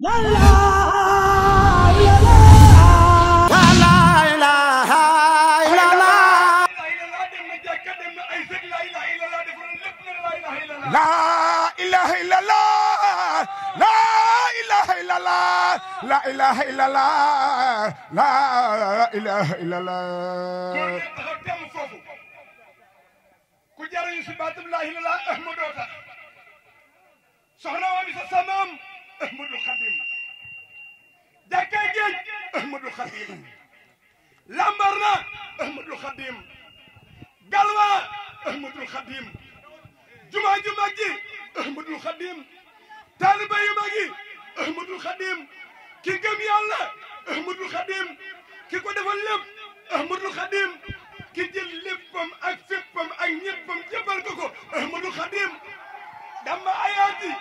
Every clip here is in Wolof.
لا اله الا الله لا اله الا الله لا اله الا الله لا اله الا الله لا اله الا الله لا اله الا الله كجاري سبات الله احمد soxna wa Ahmadou Khadim jàkka géej Ahmadou Khadim Lambarna Ahmadou Khadim Galwa Ahmadou Khadim juma ju mag ji Ahmadou Khadim taaliba yu mag yi Ahmadou Khadim ki gëm yàlla Ahmadou Khadim ki ko defal lépp Ahmadou Khadim ki jël léppam ak féppam ak ñeppam jëbal ko ko Ahmadou Khadim dama ayaati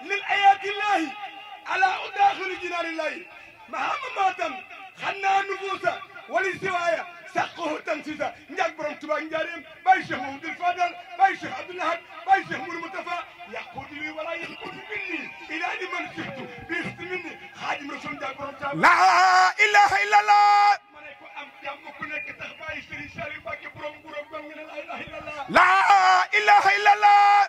من آيات الله على داخل جنان الله مهما مهمة خنا نفوسا ولسوايا سقه تنسيسا نجاك برم تبا نجاريم باي شيخ محمد الفاضل باي شيخ عبد النهار باي شيخ مول متفى يقود لي ولا يقود مني الى من شفته بيخت مني خادم رسول نجاك برم تبان لا اله الا الله لا اله الا الله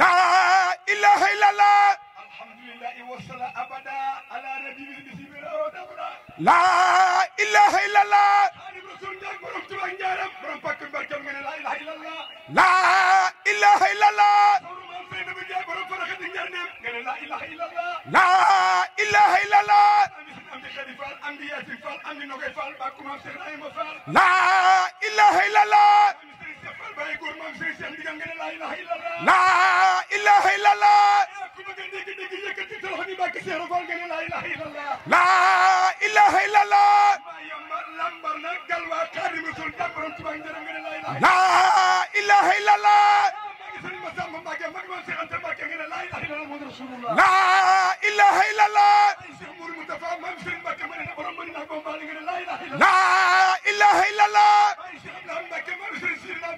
laa ilaha illallah alhamdulillah wasala abada ala rabbil bismillah wa tabara laa ilaha illallah xadim rasul ndak borom tuba njaaram borom pakk mbarkam ngene laa ilaha illallah laa ilaha illallah borom fay nabi jaay borom faraxat njarnem ngene laa ilaha illallah laa ilaha illallah amdi xadi fall amdi yaasin fall amdi nogay fall bakuma cheikh ibrahima fall laa ilaha illallah laa ilaha illallah laa ilaha illallah a dégg dégg yëkkati laa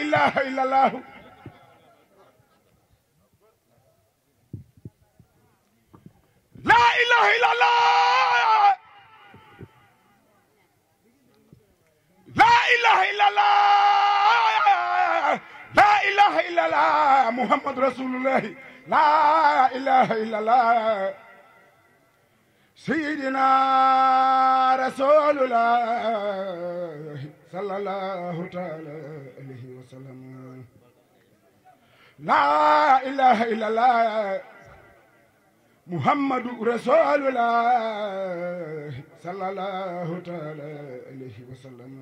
إله إلا الله لا إله إلا الله لا إله إلا الله لا إله إلا الله محمد رسول الله لا إله إلا الله سيدنا رسول الله صلى الله عليه وسلم لا إله إلا الله محمد رسول الله صلى الله تعالى عليه وسلم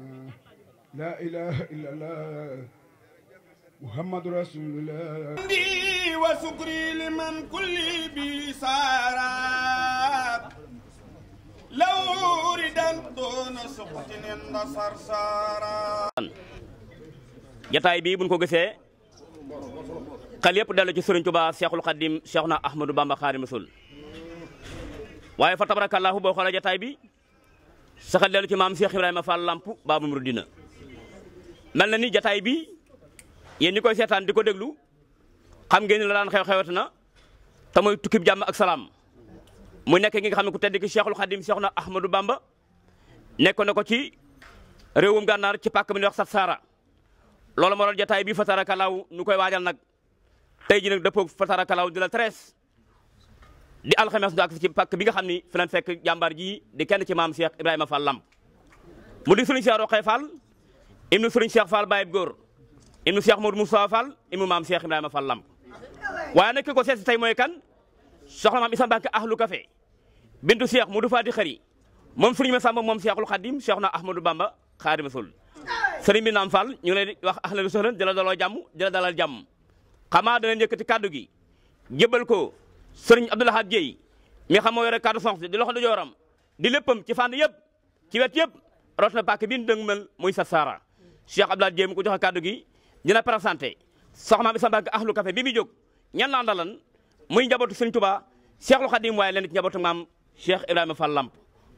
لا إله إلا الله محمد رسول الله عندي وسكري لمن كل بيسارات لو أريد أن دون سقط انتصر سارا jotaay bii buñ xel yëpp dellu ci Sëriñ Tuubaa Seexul Xaddim Seexuna Ahmadu Bamba Xaadimu Rasuul waaye fa tabarakallahu boo xoolee jataay bi sa xel dellu ci maam Seex Ibrahima Fall Lamp Baabul Muridiina mel na ni jataay bi yéen ñi koy seetaan di ko déglu xam ngeen ne la daan xew xewet na te mooy tukkib jàmm ak salaam mu nekk ngi nga xam ne ku tedd ki Seexul Xaddim Seexuna Ahmadu Bamba nekk na ko ci réewum gànnaar ci pàkk bi ñuy wax Sarsara loolu moo doon jataay bi fa tey ji nag dëppoo fatarakalaaw di la treize di alxames nga ak ci pàkk bi nga xam ni fi leen fekk jàmbaar jii di kenn ci maam Cheikh Ibrahima Fall Lamp mu di Serigne Cheikh Roqee Fall ibnu Serigne Cheikh Fall Baye Góor ibnu Cheikh Modou Moussa Fall ibnu maam Cheikh Ibrahima Fall Lamp waaye nag ki ko seet tey mooy kan soxna maam Isa Mbàkke ahlu café bintu Cheikh Modou Fadi Xëri moom Serigne Massamba moom Cheikhul Khadim Cheikh na Ahmadou Bamba Xaadimu Rasul Serigne bi naam Fall ñu ngi lay wax ahlan wa jàmm xamaa danañ yëkkati kàddu gi jëbal ko sëriñ Abdou Lahad Dieye mi xam moo yore kàddu sonx si di loxo du jooram di léppam ci fànn yëpp ci wet yëpp root na pàkk bi ñu dëng mel muy Sarsara Cheikh Abdou Lahad Dieye mu ko joxe kàddu gi dina présenté soxna bi sa mbàgg ahlu café bi muy jóg ñan la ndalan muy njabootu sëriñ Tuubaa Cheikhul Khadim waaye leen ci njabootu maam Cheikh Ibrahima Fall Lamp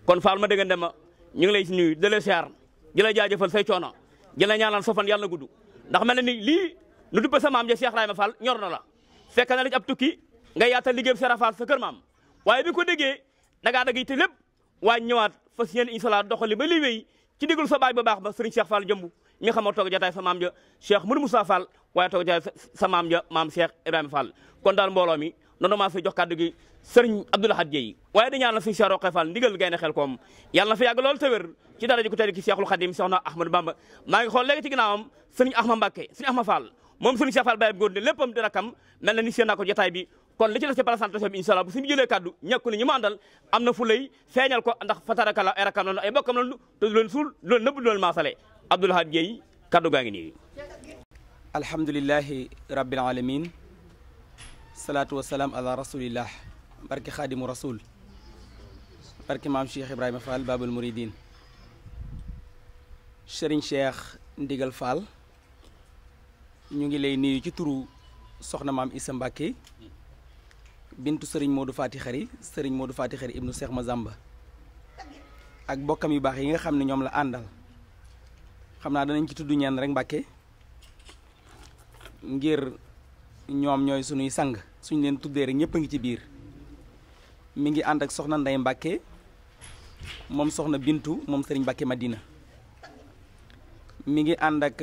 kon Fall ma dégg nga ma ñu ngi lay nuyu di la siyaar di la jaajëfal say coono di la ñaanal sofan yàlla gudd ndax lu dubba sa mam je Cheikh rayma Fall ñor na la fekk na li ab tukki nga yaata liggéey cheikh Serap Fall sa keur mam waye bi ko déggee da ngaa dagg te lepp wa ñewat fas yéene insala doxali ba li wey ci digul sa bay ba baax ba serigne Cheikh Fall jëm mi xama tok jotaay sa maam je Cheikh mudou Moussa Fall waye tok jotaay sa mam je mam Cheikh Ibrahima Fall kon dal mbolo mi nono ma fi jox kaddu gi serigne Abdoul Ahad Dieye waye di ñaanal sëriñ Cheikh Roqe Fall ndigal gayna xel kom yalla na fi yag lol te wer ci dara ji ko tedd ki Cheikhul Khadim Soxna Ahmadou Bamba ma ngi xol legi ci ginaawam serigne Ahmad mbake serigne Ahmad Fall moom sëriñ Cheikh Fall bàyyam góor ne léppam di rakam mel na ni seen naa ko jotaay bi kon li ci des ci présentation bi incha allah bu suñu jëlee kàddu ñàkku ne ñi ma àndal am na fu lay feeñal ko ndax fataraka la ay rakam noonu ay bokkam noonu te du leen suul du leen nëbb du maasale Abdoul Ahad Guèye gaa ngi nii alhamdulillah rabbil alamin salaatu wasalaam ala rasulillah barke xaadimu rasul barke maam Cheikh Ibrahima Fall babul muridin Serigne Cheikh Ndigal ñu ngi lay nuyu ci turu soxna maam Issa Mbacke bintu sëriñ moo Modou Fati Xari sëriñ du Fati Xari ibnu ma Mazamba ak bokkam yu baax yi nga xam ne ñoom la àndal xam naa danañ ci tudd ñenn rek Mbacke ngir ñoom ñooy suñuy sang suñ leen tuddee rek ñëpp a ngi ci biir mi ngi ànd ak soxna Ndey Mbacke moom soxna Bintu moom sëriñ Mbacke Madina mi ngi ànd ak.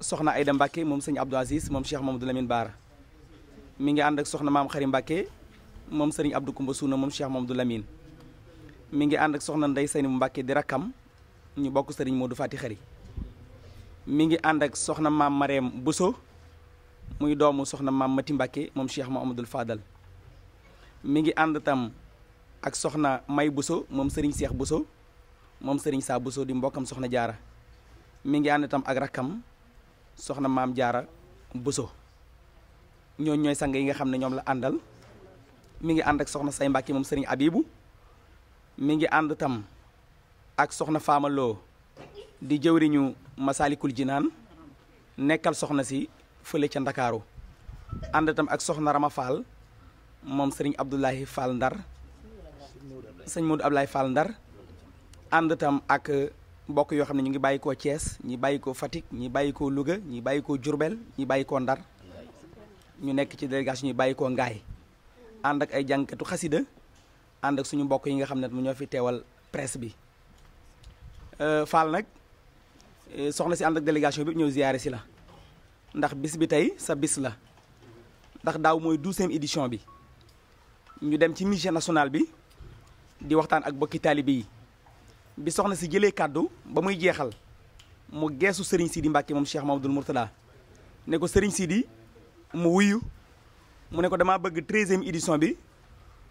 soxna Aida Mbacke mom seigne Abdou Aziz mom Cheikh Mamadou Lamine bar mi ngi and ak soxna mam Xari Mbacke mom seigne Abdou Koumba souna mom Cheikh Mamadou Lamine mi ngi and ak soxna Ndey Seyni Mbacke di rakam ñu bokk seigne Modou Fati khari mi ngi and ak soxna mam marem Bousso muy doomu soxna mam Mati Mbacke mom Cheikh Mamadou Fadal mi ngi and tam ak soxna May Bousso mom seigne Cheikh Bousso mom seigne sa Bousso di mbokam soxna Jaara mi ngi and tam ak rakam soxna maam jaara buso ñooñ ñooy sang yi nga xam ne ñoom la àndal mi ngi ànd ak soxna say Mbàkke moom sëriñ Abibu mi ngi ànd tam ak soxna faamaloo di jëwriñu Masaalikul Jinaan nekkal soxna si fële ca Ndakaaru ànd tam ak soxna Rama moom sëriñ Abdoulaye Fall Ndar sëñ Modou Ablaye Fall Ndar ànd tam ak mbokk yoo xam ne ñu ngi bàyyi koo Thiès ñi bàyyi koo Fatick ñi bàyyi koo Louga ñi bàyyi koo Diourbel ñi bàyyi koo Ndar ñu nekk ci délégation ñi bàyyi koo Ngaay ànd ak ay jànkatu xasida ànd ak suñu mbokk yi nga xam ne mu ñoo fi teewal presse bi euh, Fall nag euh, soxna si ànd ak délégation bi ñëw ziyaare si la ndax bis bi tey sa bis la ndax daaw mooy douzième édition bi ñu dem ci mission national bi di waxtaan ak bokki taalibe yi bi soxna si jëlee kàddu ba muy jeexal mu geesu Serigne Sidi Mbacke moom Cheikh Mamadou Mourtada ne ko Serigne Sidi mu wuyu mu ne ko damaa bëgg treizième édition bi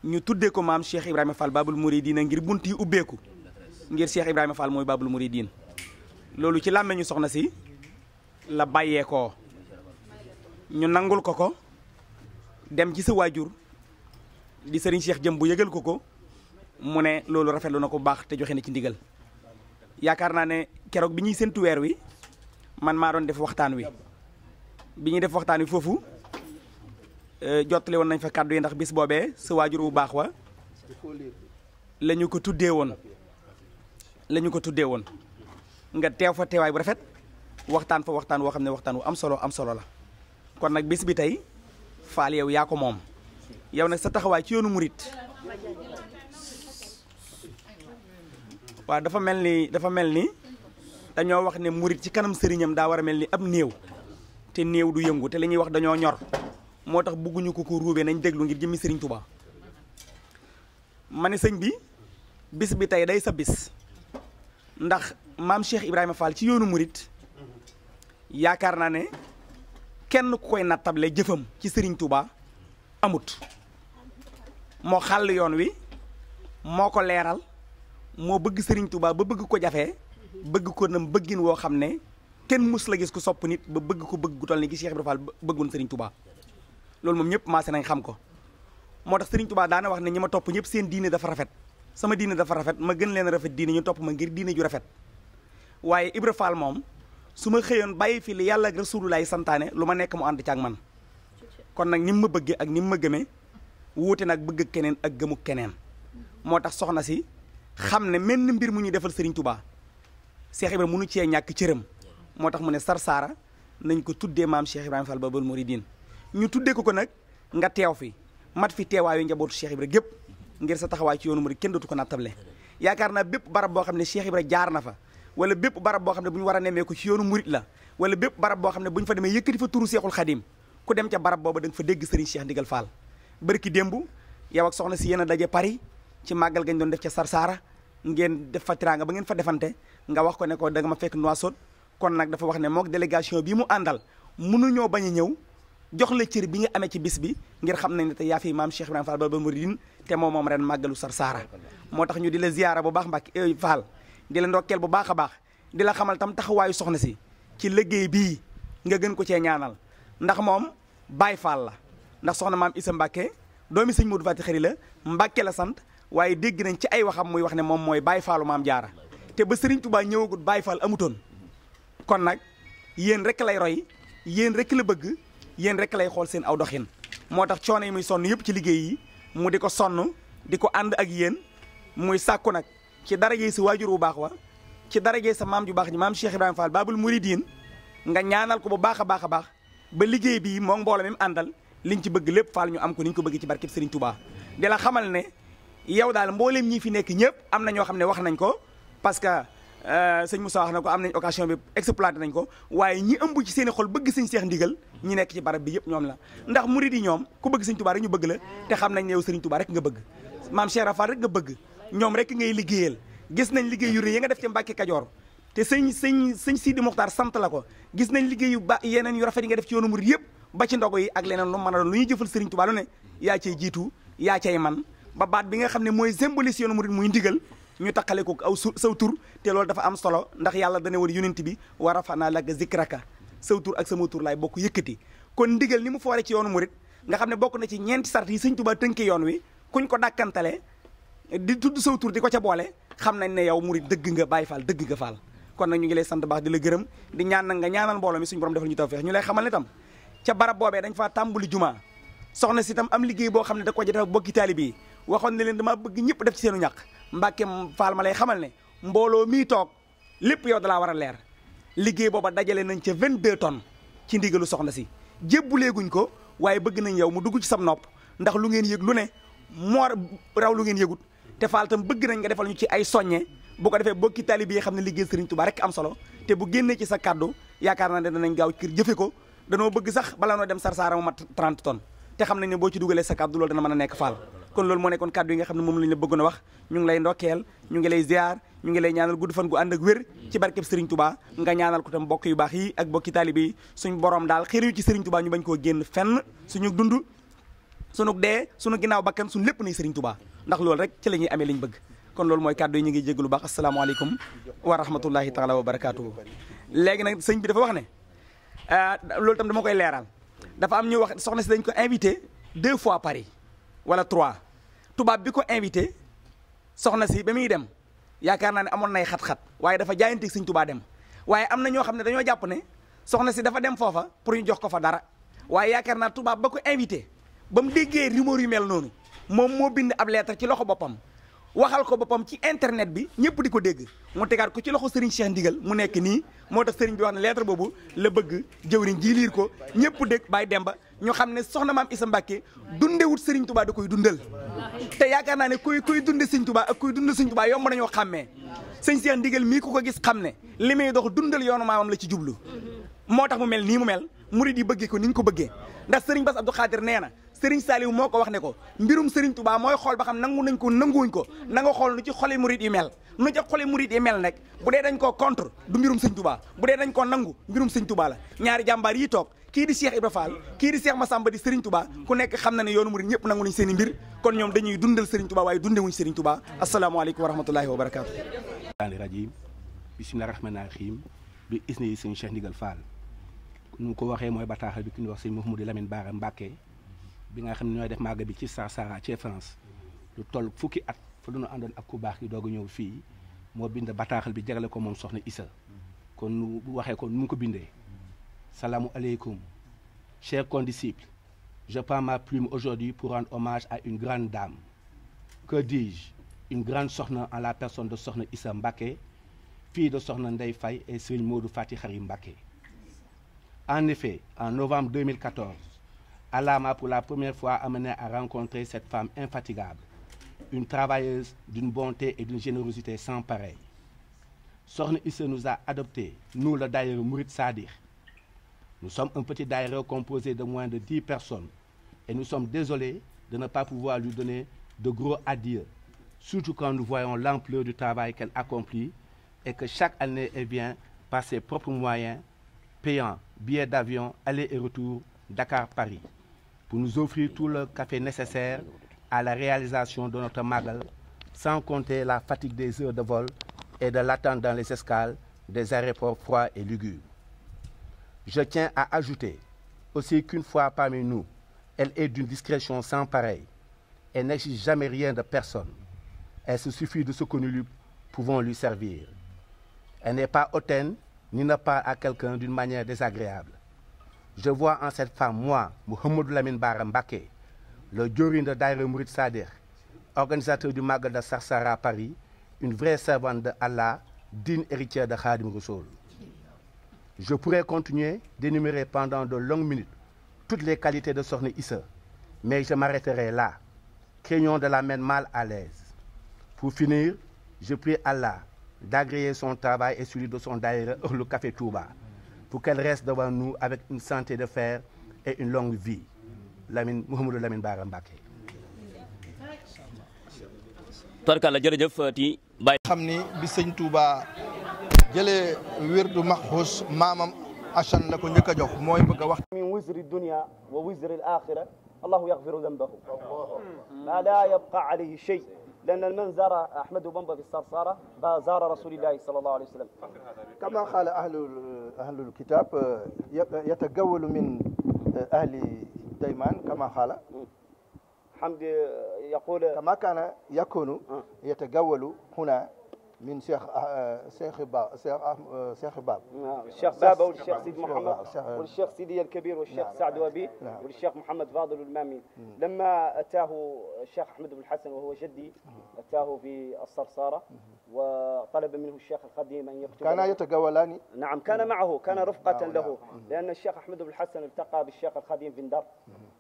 ñu tuddee ko maam Cheikh Ibrahima Fall Babul Mouridina ngir bunt yi ubbeeku ngir Cheikh Ibrahima Fall mooy Babul Mouridina loolu ci làmmeñu soxna si la bàyyeekoo ñu nangul ko ko dem ci sa waajur di Serigne Cheikh jëm bu yëgal ko ko. mu ne loolu rafetlu na ko bu baax te joxe na ci ndigal yaakaar naa ne keroog bi ñuy séntu weer wi man maa doon def waxtaan wi bi ñuy def waxtaan wi foofu euh, jottali woon nañ fa yi ndax bis boobee sa waajur bu baax wa la ñu ko tuddee woon la ko tuddee woon nga teew fa teewaay bu rafet waxtaan fa waxtaan woo xam ne waxtaan wu am solo am solo la kon nag bis bi tey faal yow yaa ko moom yow nag sa taxawaay ci yoonu murit waa dafa mel ni dafa mel ni dañoo wax ne murit ci kanam sëriñam daa war a mel ni ab néew te néew du yëngu te li ñuy wax dañoo ñor moo tax bugguñu ko ko ruubee nañ déglu ngir jëmmi sëriñ Tuubaa ma sëñ bi bis bi tey day sa bis ndax maam Cheikh Ibrahima Fall ci yoonu murit yaakaar naa ne kenn ku koy nattable jëfam ci sëriñ Touba amut moo xàll yoon wi moo ko leeral moo bëgg Serigne tubaa ba bëgg ko jafee bëgg ko nam bëggin woo xam ne kenn mus la gis ko sopp nit ba bëgg ko bëgg gu toll ni gi Cheikh Ibrahima Fall bëggoon Serigne Touba loolu moom ñëpp maase nañ xam ko moo tax Serigne tubaa daane wax ne ñi ma topp ñëpp seen diine dafa rafet sama diine dafa rafet ma gën leen rafet diine ñu topp ma ngir diine ju rafet waaye Ibra Fall moom su ma xëyoon bàyyi fii li yàlla ak Rasulullah santaane lu ma nekk mu ànd ci man kon nag ni ma bëggee ak ni mu ma gëmee wuute nag bëgg keneen ak gëmu keneen moo tax soxna si xam ne menn mbir mu ñu defal Serigne Touba Cheikh Ibrahima mënu cee ñàkk cëram moo tax mu ne Sarsara nañ ko tuddee maam Cheikh Ibrahima Fall Babal Mouridine ñu tuddee ko nag nga teew fi mat fi teewaayu njabootu Cheikh Ibrahima gépp ngir sa taxawaay ci yoonu murid kenn dootu ko nattable yaakaar naa bépp barab boo xam ne Cheikh Ibrahima jaar na fa wala bépp barab boo xam ne bu ñu war a nemmee ko ci yoonu murid la wala bépp barab boo xam ne bu ñu fa demee yëkkati fa turu Seexul Xadim ku dem ca barab booba da nga fa dégg Serigne Cheikh Ndigal Fall barki démb yow ak soxna si yéen a daje Paris ci magal gañ doon def ca Sarsara ngeen def fa tiraanga ba ngeen fa defante nga wax ko ne ko da nga ma fekk noisot kon nak dafa wax ne mok delegation bi mu àndal mënuñoo bañ a ñëw jox le ciir bi nga amé ci bis bi ngir xam nañ ne te ya fi mam Cheikh ibrahim Fall Baaba Mouridine te mom mom ren magalu Sarsara moo ñu di la ziyaara bu baax Mbàkke eh, Fall di la ndokel bu baaxa baax di la xamal tam taxawayu soxna ci ci liggey bi nga gën ko ci ñaanal ndax mom bay Fall la ndax soxna mam Issa mbacke domi seigne Modou fatikhari la mbacke la sante waaye dégg nañ ci ay waxam muy wax ne moom mooy Baye faalu maam jaara te ba Serigne Touba ñëwagut Baye Fall amutoon kon nag yéen rek lay roy yéen rek la bëgg yéen rek lay xool seen aw doxin moo tax coono yi muy sonn yëpp ci liggéey yi mu di ko sonn di ko ànd ak yéen muy sàkku nag ci darajee sa waajur bu baax wa ci darajee sa maam ju baax ji maam Cheikh Ibrahima Fall Babul Mouridine nga ñaanal ko bu baax a baax a baax ba liggéey bii moom mbooloo mi àndal liñ ci bëgg lépp Fall ñu am ko ni ko bëgg ci barkeb Serigne Touba di xamal ne. yow daal mboolem ñi fi nekk ñëpp am na ñoo xam ne wax nañ ko parce que euh, sëñ Moussa wax na ko am nañ occasion bi exploité nañ ko waaye ñi ëmb ci seen i xol bëgg sëñ Seex ndigal ñi nekk ci barab bi yëpp ñoom la ndax murid yi ñoom ku bëgg sëñ Tuubaa rek ñu bëgg la te nañ ne yow sëriñ Tuubaa rek nga bëgg maam Cheikh Rafal rek bëgg ñoom rek ngay liggéeyal gis nañ liggéey yu yi nga def ci Mbàkke Kajoor te sëñ sëñ sëñ Sidi Mokhtar sant la ko gis nañ liggéey yu ba yeneen yu rafet yi nga def ci yoonu murid yëpp ba ci ndogo yi ak leneen lu mën a doon lu ñuy jëfal sëriñ Tuubaa lu ne yaa cay jiitu yaa cay man ba baat bi nga xam ne mooy symbolise yoonu murid muy ndigal ñu taqale ko aw saw tur te lool dafa am solo ndax yàlla dane woon yonent bi wara wa rafanaa laka zikraka saw tur ak sama tur laay bokk yëkkati kon ndigal ni mu foore ci yoonu murid nga xam ne bokk na ci ñeenti sart yi sëñ Tuubaa tënke yoon wi kuñ ko dàkkantale di tudd saw tur di ko ca boole xam nañ ne yow murid dëgg nga Baay Faal dëgg nga Faal kon nag ñu ngi lay sant baax di la gërëm di ñaan nag nga ñaanal mbooloo mi suñu borom defal ñu lay xamal ne tam ca barab boobee dañ faa tàmbali jumaa soxna si tam am liggéey boo xam ne da ko jota bokki taalibe yi waxoon ne leen dama bëgg ñëpp def ci seenu ñàq Mbàkke Faal ma lay xamal ne mbooloo mii toog lépp yow dalaa war a leer liggéey booba dajale nañ vingt 22 tonnes ci ndigalu soxna si jébbuleeguñ ko waaye bëgg nañ yow mu dugg ci sam nopp ndax lu ngeen yëg lu ne moo raw lu ngeen yëgut te faal tam bëgg nañ nga defal ñu ci ay soññe bu ko defee bokki taalibe yi xam ne liggéey Sëriñ Tuubaa rek am solo te bu génnee ci sa kàddu yaakaar na ne danañ gaaw kër jëfe ko danoo bëgg sax bala noo dem sarsaara mu mat 30 tonnes te xam nañ ne boo ci dugalee sa kàddu dana mën a nekk faal kon lool mo nekkon cadeau yi nga xamne mom lañ la bëgguna a wax ñu ngi lay ndokkel ñu ngi lay ziar ñu ngi lay ñaanal gudd fan gu and ak wër ci barkeb Serigne Touba nga ñaanal ko tam bokk yu bax yi ak bokki talibi suñ borom dal xir yu ci Serigne Touba ñu bañ ko genn fenn suñu dund suñu dé suñu ginaaw bakkan suñu lepp ni Serigne Touba ndax lool rek ci lañuy amé liñ bëgg kon lool moy cadeau yi ñi ngi bax assalamu alaykum wa rahmatullahi taala wa barakatuh légui nak sëñ bi dafa wax euh ah, lool tam dama koy léral dafa am ñu wax soxna ci dañ ko inviter deux fois Paris wala trois tubaab bi ko invité soxna si ba muy dem yaakaar naa ne amoon nay xat-xat waaye dafa jaayanteeg sëñ tubaa dem waaye am na ñoo xam ne dañoo jàpp ne soxna si dafa dem foofa pour ñu jox ko fa dara waaye yaakaar naa tubaab ba ko invité ba mu déggee rumeur yu mel noonu moom moo bind ab lettre ci loxo boppam waxal ko boppam ci internet bi ñëpp di ko dégg mu tegaat ko ci loxo Serigne Cheikh Ndigal mu nekk nii moo tax Serigne bi wax ne lettre boobu la bëgg jëwriñ ji liir ko ñëpp dégg Baye Demba ñu xam ne soxna maam Issa Mbacke dundewut Serigne Touba da koy dundal te yaakaar naa ne kuy kuy dunde Serigne Touba ak kuy dund Serigne Touba yomb nañoo xàmmee sëñ Cheikh ndigal mii ku ko gis xam ne li muy dox dundal yoonu maamam la ci jublu moo tax mu mel nii mu mel mu yi bëggee ko ni ñu ko bëggee ndax Serigne Bass Abdou Khadir nee na Serigne Saliou moo ko wax ne ko mbirum Serigne tubaa mooy xool ba xam nangu nañ ko nanguwuñ ko na nga xool nu ci xoli murit yi mel nu ci xoli murit yi mel nag bu dee dañ koo contre du mbirum Serigne Touba bu dee dañ koo nangu mbirum Serigne Touba la ñaari jàmbaar yi toog kii di Cheikh Ibra Fall kii di Cheikh Massamba di Serigne Touba ku nekk xam na ne yoonu murit ñëpp nangu nañ seen i mbir kon ñoom dañuy dundal Serigne Touba waaye dundewuñ Serigne Touba asalaamaaleykum wa rahmatullahi wa barakaatu daani rajim bismillahi rahmaani rahim bi isni yi sëñ Cheikh Ndigal Fall nu ko waxee mooy bataaxal bi ki ñu wax sëñ Mouhamadou Lamine Bara Mbacké bi nga xam ne ñooy def màgg bi ci Sarsara ci France lu toll fukki at fa lu ñu àndoon ak ku baax yi doog a ñëw fii moo bind bataaxal bi jagale ko moom soxna Issa kon nu bu waxee ko nu mu ko bindee salaamu aleykum chers condisciples je prends ma plume aujourd'hui pour rendre hommage à une grande dame que dis-je une grande soxna en la personne de soxna Issa Mbacké fille de soxna Ndeye Faye et Serigne Modou Fati Khary en effet en novembre 2014 Allah m'a pour la première fois amené à rencontrer cette femme infatigable, une travailleuse d'une bonté et d'une générosité sans pareil. Sorne Isse nous a adoptés, nous le Daïre Mourid Sadir. Nous sommes un petit Daïre composé de moins de 10 personnes et nous sommes désolés de ne pas pouvoir lui donner de gros adieux, surtout quand nous voyons l'ampleur du travail qu'elle accomplit et que chaque année elle vient par ses propres moyens, payant billets d'avion, aller et retour, Dakar-Paris pour nous offrir tout le café nécessaire à la réalisation de notre magal, sans compter la fatigue des heures de vol et de l'attente dans les escales des aéroports froids et lugubres. Je tiens à ajouter aussi qu'une fois parmi nous, elle est d'une discrétion sans pareil. Elle n'exige jamais rien de personne. Elle se suffit de ce que nous lui pouvons lui servir. Elle n'est pas hautaine ni ne pas à quelqu'un d'une manière désagréable. Je vois en cette femme, moi, Mohamed Lamine Barambake, le diorine de Daire Mourid Sader, organisateur du Magal de Sarsara à Paris, une vraie servante Allah, digne héritière de Khadim Roussoul. Je pourrais continuer d'énumérer pendant de longues minutes toutes les qualités de Sorné Issa, mais je m'arrêterai là, craignant de la mettre mal à l'aise. Pour finir, je prie Allah d'agréer son travail et celui de son daïra, le Café Touba. pour qu'elle reste devant nous avec une santé de fer et une longue vie. Lamine Mohamedou Lamine Bara Mbacké. tarkala jërëjëf ti Baye. xam bi sëñ Touba jëlee wirdu maxxus maamam Assane la ko njëkk jox mooy bëgg wax. min wizri dunya wa wizri al-akhira allahu yaghfiru dhanbahu ma la yabqa alayhi shay لأن من زار أحمد بن بن الصرصارة زار رسول الله صلى الله عليه وسلم كما قال أهل أهل الكتاب آه، آه، يتجول من آه، أهل ديمان كما قال حمد يقول كما كان يكون يتجول هنا من شيخ شيخ باب نعم. شيخ شيخ باب الشيخ بابا والشيخ سيد محمد والشيخ سيدي الكبير والشيخ نعم. سعد وابي نعم. والشيخ محمد فاضل المامي لما اتاه الشيخ احمد بن الحسن وهو جدي اتاه في الصرصاره وطلب منه الشيخ القديم ان يكتب كان يتجولان نعم كان معه كان رفقه نعم، له نعم. لان الشيخ احمد بن الحسن التقى بالشيخ القديم في ندر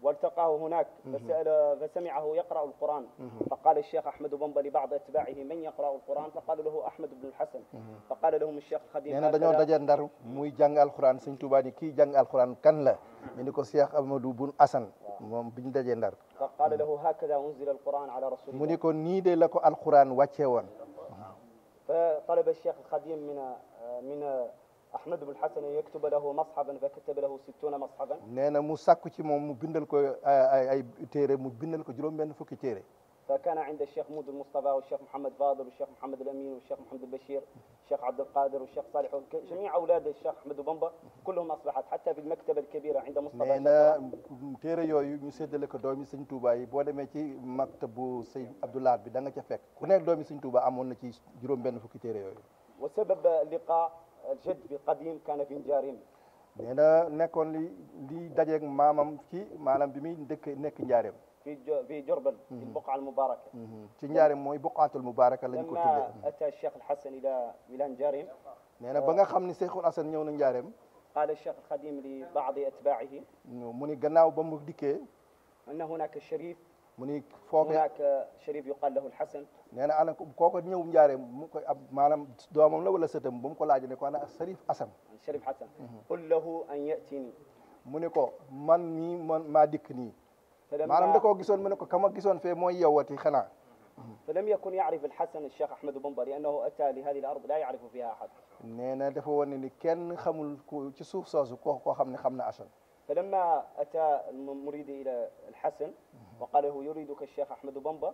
والتقاه هناك فسأل فسمعه يقرا القران فقال الشيخ احمد بن لبعض اتباعه من يقرا القران فقال له احمد بن الحسن فقال لهم الشيخ القديم انا دانيو داجي ندار موي جان القران سيغ توبا ني كي جان القران كان لا ني الشيخ احمد بن حسن موم بن داجي ندار فقال له هكذا انزل القران على رسول الله مو ني دي لاكو القران واتيوون طلب الشيخ القديم من آه، من احمد بن الحسن ان يكتب له مصحفا فكتب له 60 مصحفا نانا مو ساكو تي موم مو بيندل كو اي آه، آه، اي تيري مو بيندل كو جوروم بن فوك تيري فكان عند الشيخ مود المصطفى والشيخ محمد فاضل والشيخ محمد الامين والشيخ محمد البشير الشيخ عبد القادر والشيخ صالح جميع اولاد الشيخ احمد بومبا كلهم اصبحت حتى في المكتبه الكبيره عند مصطفى انا تيري يوي ني séddale ko doomi seigne touba yi bo démé ci maktabu seigne abdoulaye bi da nga ca fekk ku nek doomi seigne touba amon na ci juroom benn fukki téré وسبب لقاء الجد القديم كان في نجارين نينا نيكون لي لي داجيك مامام mamam مانام manam bi mi dekk nek في في جربل في البقعه المباركه. تي نياري موي بقعه المباركه لنجو تبدا. اتى الشيخ الحسن الى ولان جاريم. نانا باغا خامني شيخ الحسن نيو نجاريم. قال الشيخ الخديم لبعض اتباعه. موني غناو بامو ديكي. ان هناك الشريف. موني فوق. هناك شريف يقال له الحسن. نانا انا كوكو نيو نجاريم موكو مانام دومام لا ولا ستم بومكو لاجي نيكو انا الشريف حسن. الشريف حسن. قل له ان ياتيني. مونيكو من ني ما ديك maanaam da koo gisoon mu ne ko kama gisoon fee mooy فلم يكن يعرف الحسن الشيخ احمد بن بري انه اتى لهذه الارض لا يعرف فيها احد نينا دافا وني كان خمول كي سوف سوسو كو خامني خامنا اشن فلما أتى المريد إلى الحسن وقال له يريدك الشيخ أحمد بمبا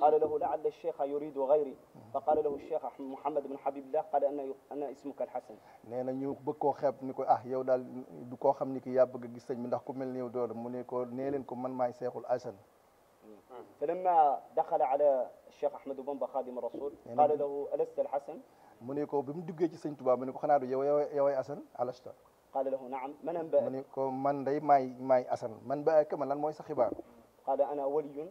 قال له لعل الشيخ يريد غيري فقال له الشيخ محمد بن حبيب الله قال أنا أنا اسمك الحسن نينا نيو بكو خيب نيكو أه يو دال دكو خم نيكو ياب غيسن من دخكم ملني ودور مونيكو نيلن كم من ماي سيخ الحسن فلما دخل على الشيخ أحمد بمبا خادم الرسول قال له ألست الحسن مونيكو بمدقجي سنتبا مونيكو خنادو يو يو يو يو يو يو يو يو يو يو قال له نعم من أنبأك من كو من داي ماي ماي أسن من بأك من لان موي سخبار قال أنا ولي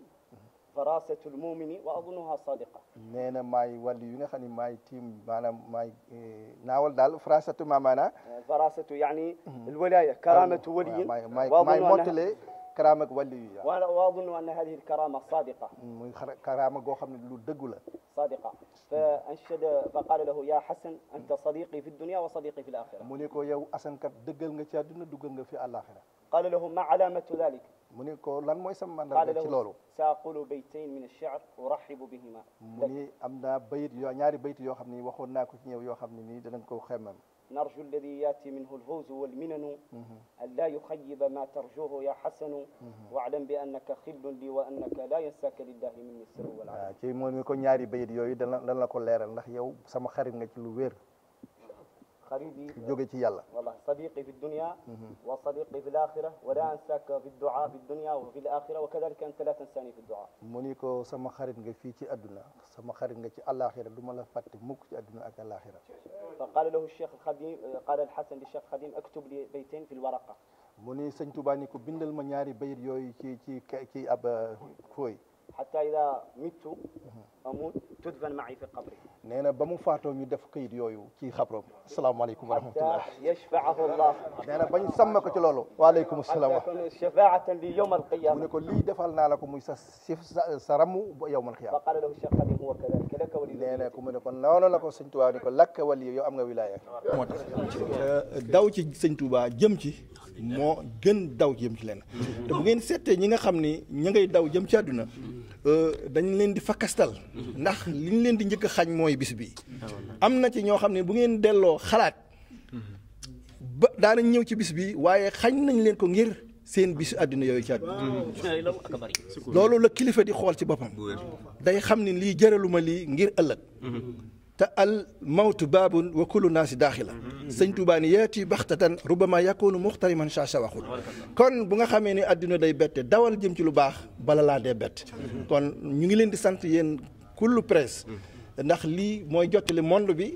فراسة المؤمن وأظنها صادقة نينا ماي ولي خاني ماي تيم معنا ماي إيه, ناول دال فراسة ما معنا فراسة يعني الولاية كرامة ولي ماي ماي ماي موتلي كرامك ولي وانا أظن ان هذه الكرامه الصادقه كرامه جو خمن لو دغ صادقه فانشد فقال له يا حسن انت صديقي في الدنيا وصديقي في الاخره مونيكو يا حسن كات دغل nga ci aduna dugal nga fi alakhirah قال له ما علامه ذلك مونيكو كو لان موي سام ماندار ci لولو ساقول بيتين من الشعر ارحب بهما موني امنا بيت يو نياري بيت يو خامني waxon nako ci ñew yo xamni ni dañ ko xemam نرجو الذي ياتي منه الفوز والمنن أن لا يخيب ما ترجوه يا حسن واعلم بأنك خل لي وأنك لا ينساك لله مني السر والعافية. كي مو ميكون ياري بيد bayit yooyu dana dana la ko leeral ndax yow sama xarit nga ci lu wér. خليلي تي يلا والله صديقي في الدنيا وصديقي في الآخرة ولا أنساك في الدعاء في الدنيا وفي الآخرة وكذلك أنت لا تنساني في الدعاء مونيكو سما خارج في ادنا سما خارج تي الآخرة دوما لا فات موك في ادنا أك الآخرة فقال له الشيخ الخديم قال الحسن للشيخ الخديم اكتب لي بيتين في الورقة موني توبا نيكو بندل ما نياري bayit يوي تي تي كي اب كوي حتى اذا مت اموت تدفن معي في قبري نينا بامو فاتو ني داف كيد يويو كي خبرو السلام عليكم ورحمه الله يشفعه الله نينا باني سمكو تي لولو وعليكم السلام شفاعه ليوم القيامه نكو لي دفالنا لكم موسى سرمو يوم القيامه فقال له الشيخ قديم هو كذلك لك ولي نينا كوم نكو نونو لاكو سيني توبا نكو لك ولي يو امغا ولايه داو تي سيني توبا جيم تي مو گن داو جيم تي لين تبو گين سيتي نيغا خامني نيغي داو جيم تي ادنا Euh, dañ leen di fakastal ndax liñ leen di ñëk xañ moy bis bi amna ci ño xamne bu ngeen dello xalaat da na ñëw ci bis bi waye xañ nañ leen ko ngir seen bisu aduna yoy ci àddina la kilifa di xol ci bopam day xamni li jëraluma ngir ëlëk mhm. te al mawtu baabun wa kullu naasi daaxila sëñ Tuubaa ni yeeti baxtatan rubama man muxtariman chacha waxul kon bu nga xamee ni àdduna day bett dawal jëm ci lu baax bala laa dee bett kon ñu ngi leen di sant yéen kullu presse ndax lii mooy jottali monde bi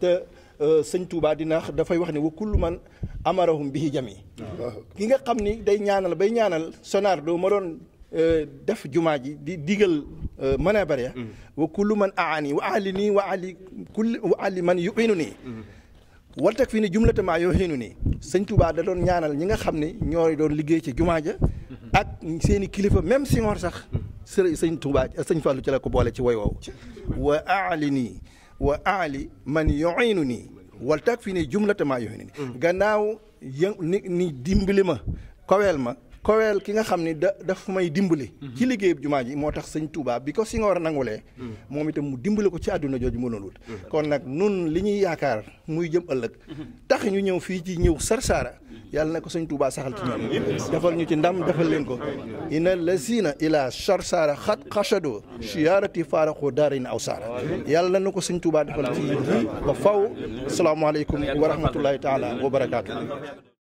te euh, sëñ Tuubaa dina dafay wax ne wa kullu man amarahum bihi jami ki nga xam ni day ñaanal bay ñaanal sonar doo ma doon def jumaa ji di digal mën wa kullu man aani wa alini wa ali kulli wa ali man yu'inuni wal takfini jumlata maa yoo xiinu sëñ Touba da don ñaanal ñi nga xamni ñoy doon ci jumaa ja ak seen kilifa même ngor sax sëñ Touba sëñ fallu ci la ko bolé ci way waw wa alini wa ali man yu'inuni wal takfini jumlata maa yoo gannaaw ni dimbilima dimbali ma koweel ki nga xam ni da daf may dimbali. Mhm. ci liggéeyub jumaa ji moo tax sañ Touba bi ko si nga war a nangulee. Mhm. moom itam mu dimbali ko ci àdduna jooju mënoon wut. Mhm. kon nag nun li ñuy yaakaar muy jëm ëllëg. tax ñu ñëw fii ci ñëw Sarsara. yàlla na ko sëñ Touba saxal ci ñoom. defal ñu ci ndam defal leen ko. ina lazina ila Sarsara xat xasado. siyaarati faaraxoo daarin aw saara. yàlla na ko sëñ tuubaa defal ci ba faw. asalaamaaleykum wa rahmatullahi taala wa